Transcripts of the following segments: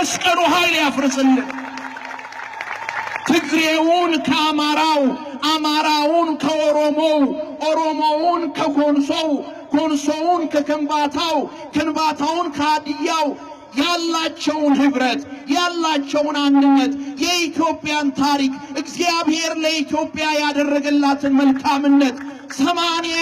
የመስቀሉ ኃይል ያፍርስልን። ትግሬውን ከአማራው፣ አማራውን ከኦሮሞው፣ ኦሮሞውን ከኮንሶው፣ ኮንሶውን ከከንባታው፣ ከንባታውን ከሀዲያው ያላቸውን ህብረት ያላቸውን አንድነት የኢትዮጵያን ታሪክ እግዚአብሔር ለኢትዮጵያ ያደረገላትን መልካምነት ሰማንያ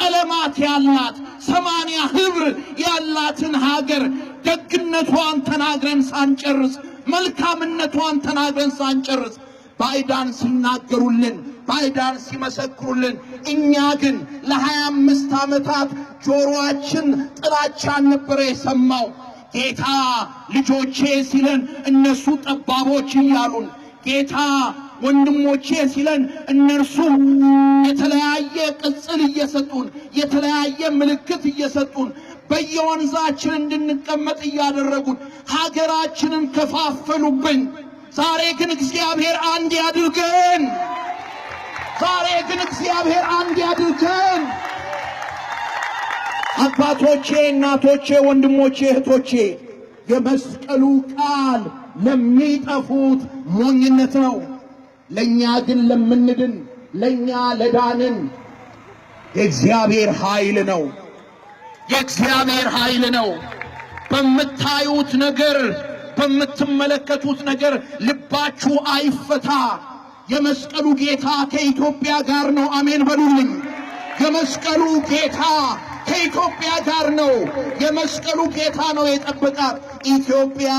ቀለማት ያላት ሰማንያ ህብር ያላትን ሀገር ደግነቷን ተናግረን ሳንጨርስ፣ መልካምነቷን ተናግረን ሳንጨርስ ባይዳን ሲናገሩልን ባይዳን ሲመሰክሩልን፣ እኛ ግን ለሀያ አምስት ዓመታት ጆሮአችን ጥላቻን ነበረ የሰማው። ጌታ ልጆቼ ሲለን እነሱ ጠባቦች እያሉን፣ ጌታ ወንድሞቼ ሲለን እነርሱ የተለያየ ቅጽል እየሰጡን፣ የተለያየ ምልክት እየሰጡን በየወንዛችን እንድንቀመጥ እያደረጉን ሀገራችንን ከፋፈሉብን። ዛሬ ግን እግዚአብሔር አንድ ያድርገን። ዛሬ ግን እግዚአብሔር አንድ ያድርገን። አባቶቼ፣ እናቶቼ፣ ወንድሞቼ፣ እህቶቼ የመስቀሉ ቃል ለሚጠፉት ሞኝነት ነው። ለእኛ ግን ለምንድን ለእኛ ለዳንን የእግዚአብሔር ኃይል ነው። የእግዚአብሔር ኃይል ነው። በምታዩት ነገር፣ በምትመለከቱት ነገር ልባችሁ አይፈታ። የመስቀሉ ጌታ ከኢትዮጵያ ጋር ነው። አሜን በሉልኝ። የመስቀሉ ጌታ ከኢትዮጵያ ጋር ነው። የመስቀሉ ጌታ ነው የጠበቃት። ኢትዮጵያ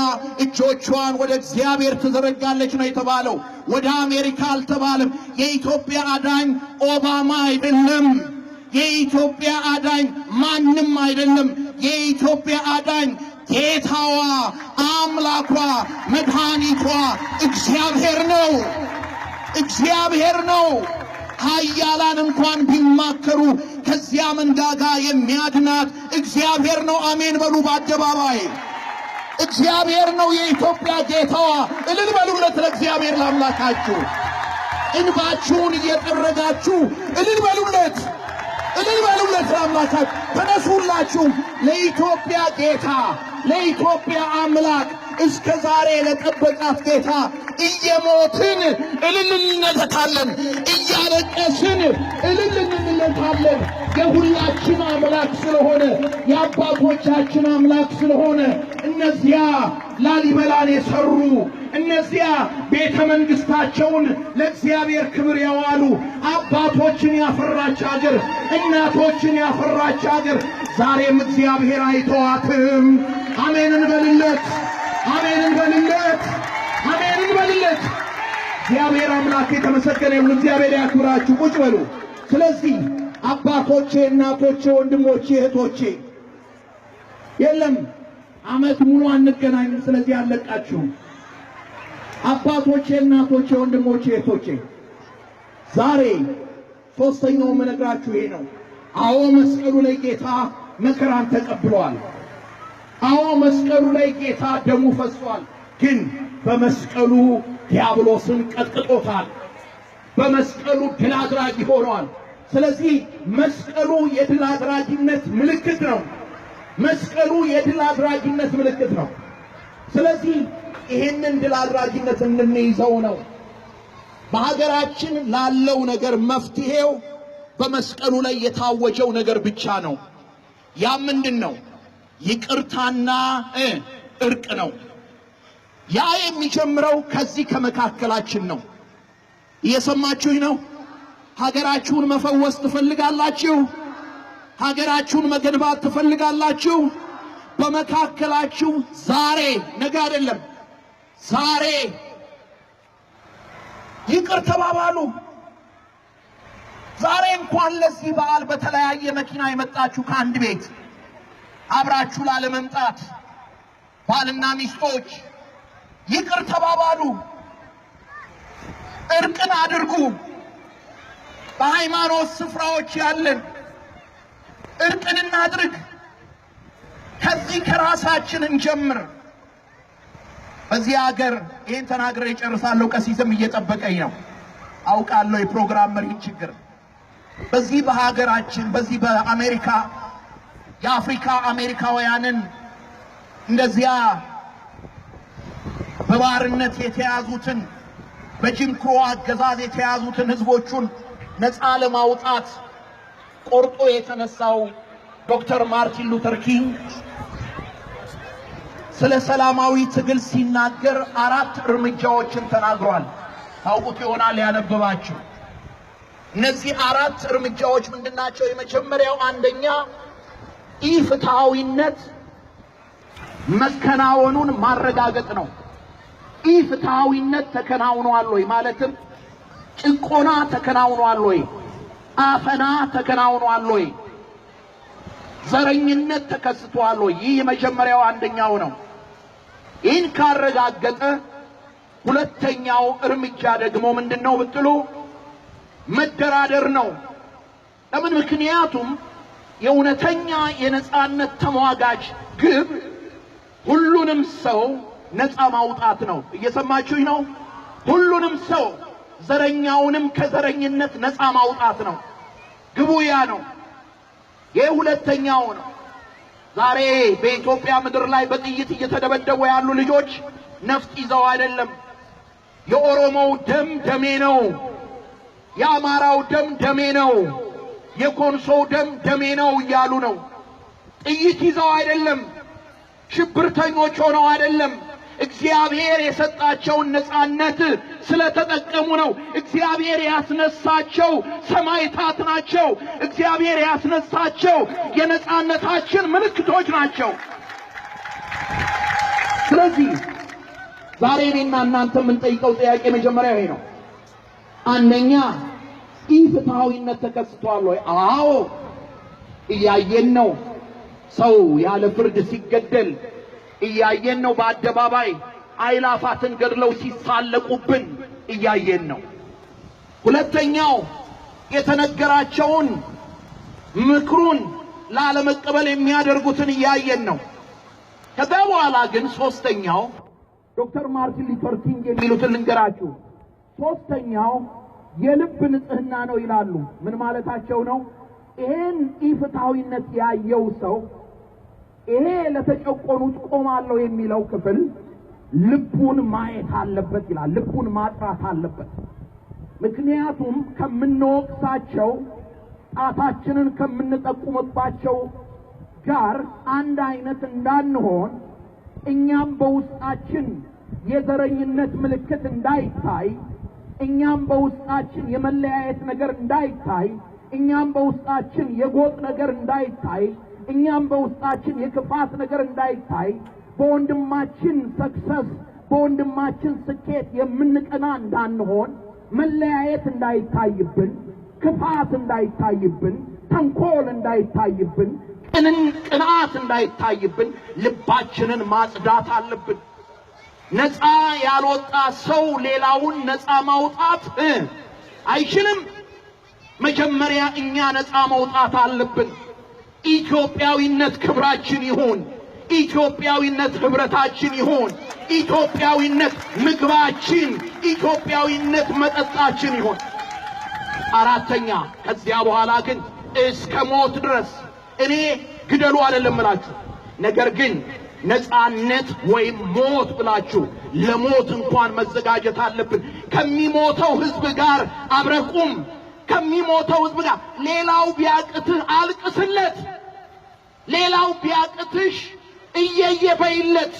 እጆቿን ወደ እግዚአብሔር ትዘረጋለች ነው የተባለው። ወደ አሜሪካ አልተባለም። የኢትዮጵያ አዳኝ ኦባማ አይደለም። የኢትዮጵያ አዳኝ ማንም አይደለም። የኢትዮጵያ አዳኝ ጌታዋ፣ አምላኳ፣ መድኃኒቷ እግዚአብሔር ነው። እግዚአብሔር ነው። ኃያላን እንኳን ቢማከሩ ከዚያ መንጋጋ የሚያድናት እግዚአብሔር ነው። አሜን በሉ በአደባባይ እግዚአብሔር ነው የኢትዮጵያ ጌታዋ። እልል በሉለት ለእግዚአብሔር ለአምላካችሁ። እንባችሁን እየጠረጋችሁ እልል በሉለት። እልል በሉለት ለአምላካችሁ። ተነሱላችሁ ለኢትዮጵያ ጌታ ለኢትዮጵያ አምላክ እስከ ዛሬ ለጠበቃት ጌታ እየሞትን እልል እንነታለን፣ እያለቀስን እልል እንነታለን። የሁላችን አምላክ ስለሆነ የአባቶቻችን አምላክ ስለሆነ እነዚያ ላሊበላን የሰሩ እነዚያ ቤተ መንግሥታቸውን ለእግዚአብሔር ክብር ያዋሉ አባቶችን ያፈራች አገር፣ እናቶችን ያፈራች አገር ዛሬም እግዚአብሔር አይተዋትም። አሜንን በልለት፣ አሜንን በልለት፣ አሜንን በልለት። እግዚአብሔር አምላክ የተመሰገነ ይሁን። እግዚአብሔር ያክብራችሁ። ቁጭ በሉ። ስለዚህ አባቶቼ፣ እናቶቼ፣ ወንድሞቼ፣ እህቶቼ የለም ዓመት ሙሉ አንገናኝም። ስለዚህ አለቃችሁም አባቶቼ፣ እናቶቼ፣ ወንድሞቼ፣ እህቶቼ ዛሬ ሶስተኛው መነግራችሁ ይሄ ነው። አዎ መስቀሉ ላይ ጌታ መከራን ተቀብሏል። አዎ መስቀሉ ላይ ጌታ ደሙ ፈሷል። ግን በመስቀሉ ዲያብሎስን ቀጥቅጦታል። በመስቀሉ ድል አድራጊ ሆኗል። ስለዚህ መስቀሉ የድል አድራጊነት ምልክት ነው። መስቀሉ የድል አድራጊነት ምልክት ነው። ስለዚህ ይህንን ድል አድራጊነት እንይዘው ነው። በሀገራችን ላለው ነገር መፍትሄው በመስቀሉ ላይ የታወጀው ነገር ብቻ ነው። ያ ምንድን ነው? ይቅርታና እርቅ ነው። ያ የሚጀምረው ከዚህ ከመካከላችን ነው። እየሰማችሁኝ ነው? ሀገራችሁን መፈወስ ትፈልጋላችሁ? ሀገራችሁን መገንባት ትፈልጋላችሁ? በመካከላችሁ ዛሬ ነገ አይደለም ዛሬ ይቅር ተባባሉ። ዛሬ እንኳን ለዚህ በዓል በተለያየ መኪና የመጣችሁ ከአንድ ቤት አብራችሁ ላለመምጣት ባልና ሚስቶች ይቅር ተባባሉ። እርቅን አድርጉ። በሃይማኖት ስፍራዎች ያለን እርቅን እናድርግ። ከዚህ ከራሳችን እንጀምር። በዚህ ሀገር ይህን ተናግሬ እጨርሳለሁ። ቀሲስም እየጠበቀኝ ነው አውቃለሁ፣ የፕሮግራም መሪን ችግር በዚህ በሀገራችን በዚህ በአሜሪካ የአፍሪካ አሜሪካውያንን እንደዚያ በባርነት የተያዙትን በጅምክሮ አገዛዝ የተያዙትን ህዝቦቹን ነፃ ለማውጣት ቆርጦ የተነሳው ዶክተር ማርቲን ሉተር ኪንግ ስለ ሰላማዊ ትግል ሲናገር አራት እርምጃዎችን ተናግሯል። ታውቁት ይሆናል ያነበባችሁ። እነዚህ አራት እርምጃዎች ምንድናቸው? የመጀመሪያው አንደኛ ኢፍትሐዊነት መከናወኑን ማረጋገጥ ነው። ኢፍትሐዊነት ተከናውኗል ወይ? ማለትም ጭቆና ተከናውኗል ወይ? አፈና ተከናውኗል ወይ? ዘረኝነት ተከስቷል ወይ? ይህ የመጀመሪያው አንደኛው ነው። ይህን ካረጋገጠ ሁለተኛው እርምጃ ደግሞ ምንድን ነው ብትሉ መደራደር ነው። ለምን? ምክንያቱም የእውነተኛ የነጻነት ተሟጋጅ ግብ ሁሉንም ሰው ነጻ ማውጣት ነው። እየሰማችሁኝ ነው? ሁሉንም ሰው ዘረኛውንም ከዘረኝነት ነጻ ማውጣት ነው። ግቡ ያ ነው። ይህ ሁለተኛው ነው። ዛሬ በኢትዮጵያ ምድር ላይ በጥይት እየተደበደቡ ያሉ ልጆች ነፍጥ ይዘው አይደለም። የኦሮሞው ደም ደሜ ነው። የአማራው ደም ደሜ ነው። የኮንሶው ደም ደሜ ነው እያሉ ነው። ጥይት ይዘው አይደለም። ሽብርተኞች ሆነው አይደለም። እግዚአብሔር የሰጣቸውን ነፃነት ስለተጠቀሙ ነው። እግዚአብሔር ያስነሳቸው ሰማዕታት ናቸው። እግዚአብሔር ያስነሳቸው የነጻነታችን ምልክቶች ናቸው። ስለዚህ ዛሬ እኔና እናንተ የምንጠይቀው ጥያቄ መጀመሪያ ይሄ ነው። አንደኛ ኢፍትሐዊነት ተከስቷል ወይ? አዎ፣ እያየን ነው። ሰው ያለ ፍርድ ሲገደል እያየን ነው። በአደባባይ አይላፋትን ገድለው ሲሳለቁብን እያየን ነው። ሁለተኛው የተነገራቸውን ምክሩን ላለመቀበል የሚያደርጉትን እያየን ነው። ከዛ በኋላ ግን ሶስተኛው ዶክተር ማርቲን ሉተር ኪንግ የሚሉትን ልንገራችሁ። ሶስተኛው የልብ ንጽህና ነው ይላሉ። ምን ማለታቸው ነው? ይሄን ኢፍትሐዊነት ያየው ሰው እኔ ለተጨቆኑት ቆማለሁ የሚለው ክፍል ልቡን ማየት አለበት ይላል። ልቡን ማጥራት አለበት። ምክንያቱም ከምንወቅሳቸው ጣታችንን ከምንጠቁምባቸው ጋር አንድ አይነት እንዳንሆን እኛም በውስጣችን የዘረኝነት ምልክት እንዳይታይ፣ እኛም በውስጣችን የመለያየት ነገር እንዳይታይ፣ እኛም በውስጣችን የጎጥ ነገር እንዳይታይ፣ እኛም በውስጣችን የክፋት ነገር እንዳይታይ በወንድማችን ሰክሰስ በወንድማችን ስኬት የምንቀና እንዳንሆን መለያየት እንዳይታይብን፣ ክፋት እንዳይታይብን፣ ተንኮል እንዳይታይብን፣ ቅንን ቅናት እንዳይታይብን ልባችንን ማጽዳት አለብን። ነፃ ያልወጣ ሰው ሌላውን ነፃ ማውጣት አይችልም። መጀመሪያ እኛ ነፃ መውጣት አለብን። ኢትዮጵያዊነት ክብራችን ይሁን። ኢትዮጵያዊነት ህብረታችን ይሁን። ኢትዮጵያዊነት ምግባችን፣ ኢትዮጵያዊነት መጠጣችን ይሁን። አራተኛ ከዚያ በኋላ ግን እስከ ሞት ድረስ እኔ ግደሉ አይደለም ብላችሁ ነገር ግን ነፃነት ወይም ሞት ብላችሁ ለሞት እንኳን መዘጋጀት አለብን። ከሚሞተው ህዝብ ጋር አብረቁም ከሚሞተው ህዝብ ጋር ሌላው ቢያቅትህ አልቅስለት። ሌላው ቢያቅትሽ እየየ በይለት፣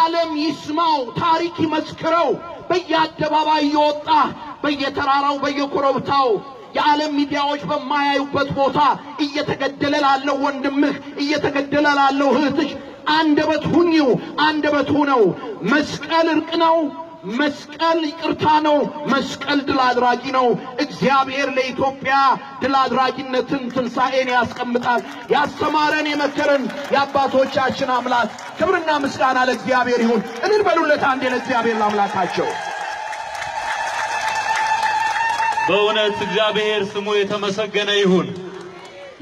ዓለም ይስማው፣ ታሪክ ይመስክረው። በየአደባባይ እየወጣ በየተራራው በየኮረብታው የዓለም ሚዲያዎች በማያዩበት ቦታ እየተገደለ ላለው ወንድምህ እየተገደለ ላለው እህትሽ አንደበት ሁኚው፣ አንደበት ሁነው። መስቀል እርቅ ነው። መስቀል ይቅርታ ነው። መስቀል ድል አድራጊ ነው። እግዚአብሔር ለኢትዮጵያ ድል አድራጊነትን ትንሣኤን ያስቀምጣል። ያስተማረን የመከረን የአባቶቻችን አምላክ ክብርና ምስጋና ለእግዚአብሔር ይሁን። እንን በሉለት አንዴ ለእግዚአብሔር ለአምላካቸው። በእውነት እግዚአብሔር ስሙ የተመሰገነ ይሁን።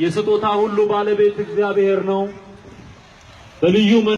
የስጦታ ሁሉ ባለቤት እግዚአብሔር ነው። በልዩ